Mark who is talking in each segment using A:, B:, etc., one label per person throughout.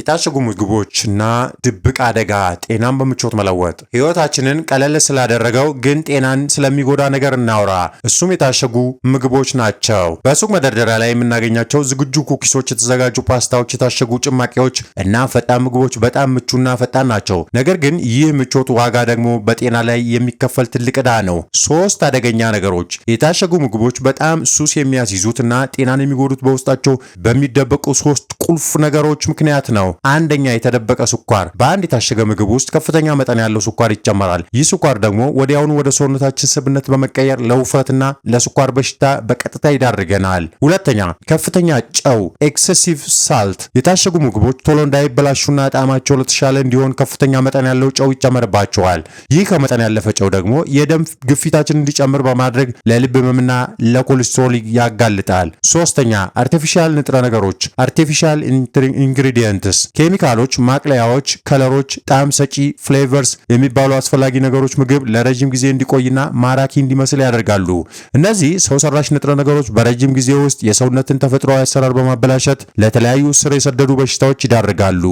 A: የታሸጉ ምግቦችና ድብቅ አደጋ ጤናን በምቾት መለወጥ። ህይወታችንን ቀለል ስላደረገው ግን ጤናን ስለሚጎዳ ነገር እናውራ። እሱም የታሸጉ ምግቦች ናቸው። በሱቅ መደርደሪያ ላይ የምናገኛቸው ዝግጁ ኩኪሶች፣ የተዘጋጁ ፓስታዎች፣ የታሸጉ ጭማቂዎች እና ፈጣን ምግቦች በጣም ምቹና ፈጣን ናቸው። ነገር ግን ይህ ምቾት ዋጋ ደግሞ በጤና ላይ የሚከፈል ትልቅ ዕዳ ነው። ሶስት አደገኛ ነገሮች የታሸጉ ምግቦች በጣም ሱስ የሚያስይዙት እና ጤናን የሚጎዱት በውስጣቸው በሚደበቁ ሶስት ቁልፍ ነገሮች ምክንያት ነው። ነው። አንደኛ የተደበቀ ስኳር። በአንድ የታሸገ ምግብ ውስጥ ከፍተኛ መጠን ያለው ስኳር ይጨመራል። ይህ ስኳር ደግሞ ወዲያውኑ ወደ ሰውነታችን ስብነት በመቀየር ለውፍረትና ለስኳር በሽታ በቀጥታ ይዳርገናል። ሁለተኛ ከፍተኛ ጨው፣ ኤክሴሲቭ ሳልት። የታሸጉ ምግቦች ቶሎ እንዳይበላሹና ጣዕማቸው ለተሻለ እንዲሆን ከፍተኛ መጠን ያለው ጨው ይጨመርባቸዋል። ይህ ከመጠን ያለፈ ጨው ደግሞ የደም ግፊታችን እንዲጨምር በማድረግ ለልብ ህመምና ለኮሌስትሮል ያጋልጣል። ሶስተኛ አርቲፊሻል ንጥረ ነገሮች አርቲፊሻል ኢንግሪዲየንትስ ኬሚካልስ ኬሚካሎች፣ ማቅለያዎች፣ ከለሮች፣ ጣዕም ሰጪ ፍሌቨርስ የሚባሉ አስፈላጊ ነገሮች ምግብ ለረጅም ጊዜ እንዲቆይና ማራኪ እንዲመስል ያደርጋሉ። እነዚህ ሰው ሰራሽ ንጥረ ነገሮች በረጅም ጊዜ ውስጥ የሰውነትን ተፈጥሯዊ አሰራር በማበላሸት ለተለያዩ ስር የሰደዱ በሽታዎች ይዳርጋሉ።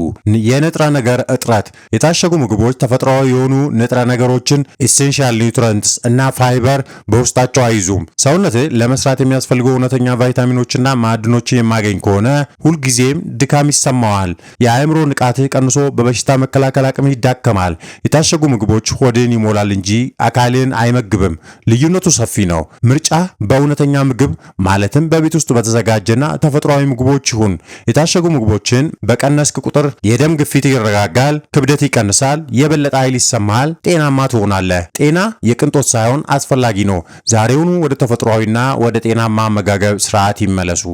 A: የንጥረ ነገር እጥረት የታሸጉ ምግቦች ተፈጥሯዊ የሆኑ ንጥረ ነገሮችን ኢሴንሻል ኒውትረንትስ እና ፋይበር በውስጣቸው አይዙም። ሰውነት ለመስራት የሚያስፈልገው እውነተኛ ቫይታሚኖችና ማዕድኖችን የማገኝ ከሆነ ሁልጊዜም ድካም ይሰማዋል። የአእምሮ ንቃትህ ቀንሶ በበሽታ መከላከል አቅምህ ይዳከማል። የታሸጉ ምግቦች ሆድን ይሞላል እንጂ አካልን አይመግብም። ልዩነቱ ሰፊ ነው። ምርጫ በእውነተኛ ምግብ ማለትም በቤት ውስጥ በተዘጋጀና ተፈጥሯዊ ምግቦች ይሁን። የታሸጉ ምግቦችን በቀነስክ ቁጥር የደም ግፊት ይረጋጋል፣ ክብደት ይቀንሳል፣ የበለጠ ኃይል ይሰማሃል፣ ጤናማ ትሆናለህ። ጤና የቅንጦት ሳይሆን አስፈላጊ ነው። ዛሬውኑ ወደ ተፈጥሯዊና ወደ ጤናማ አመጋገብ ስርዓት ይመለሱ።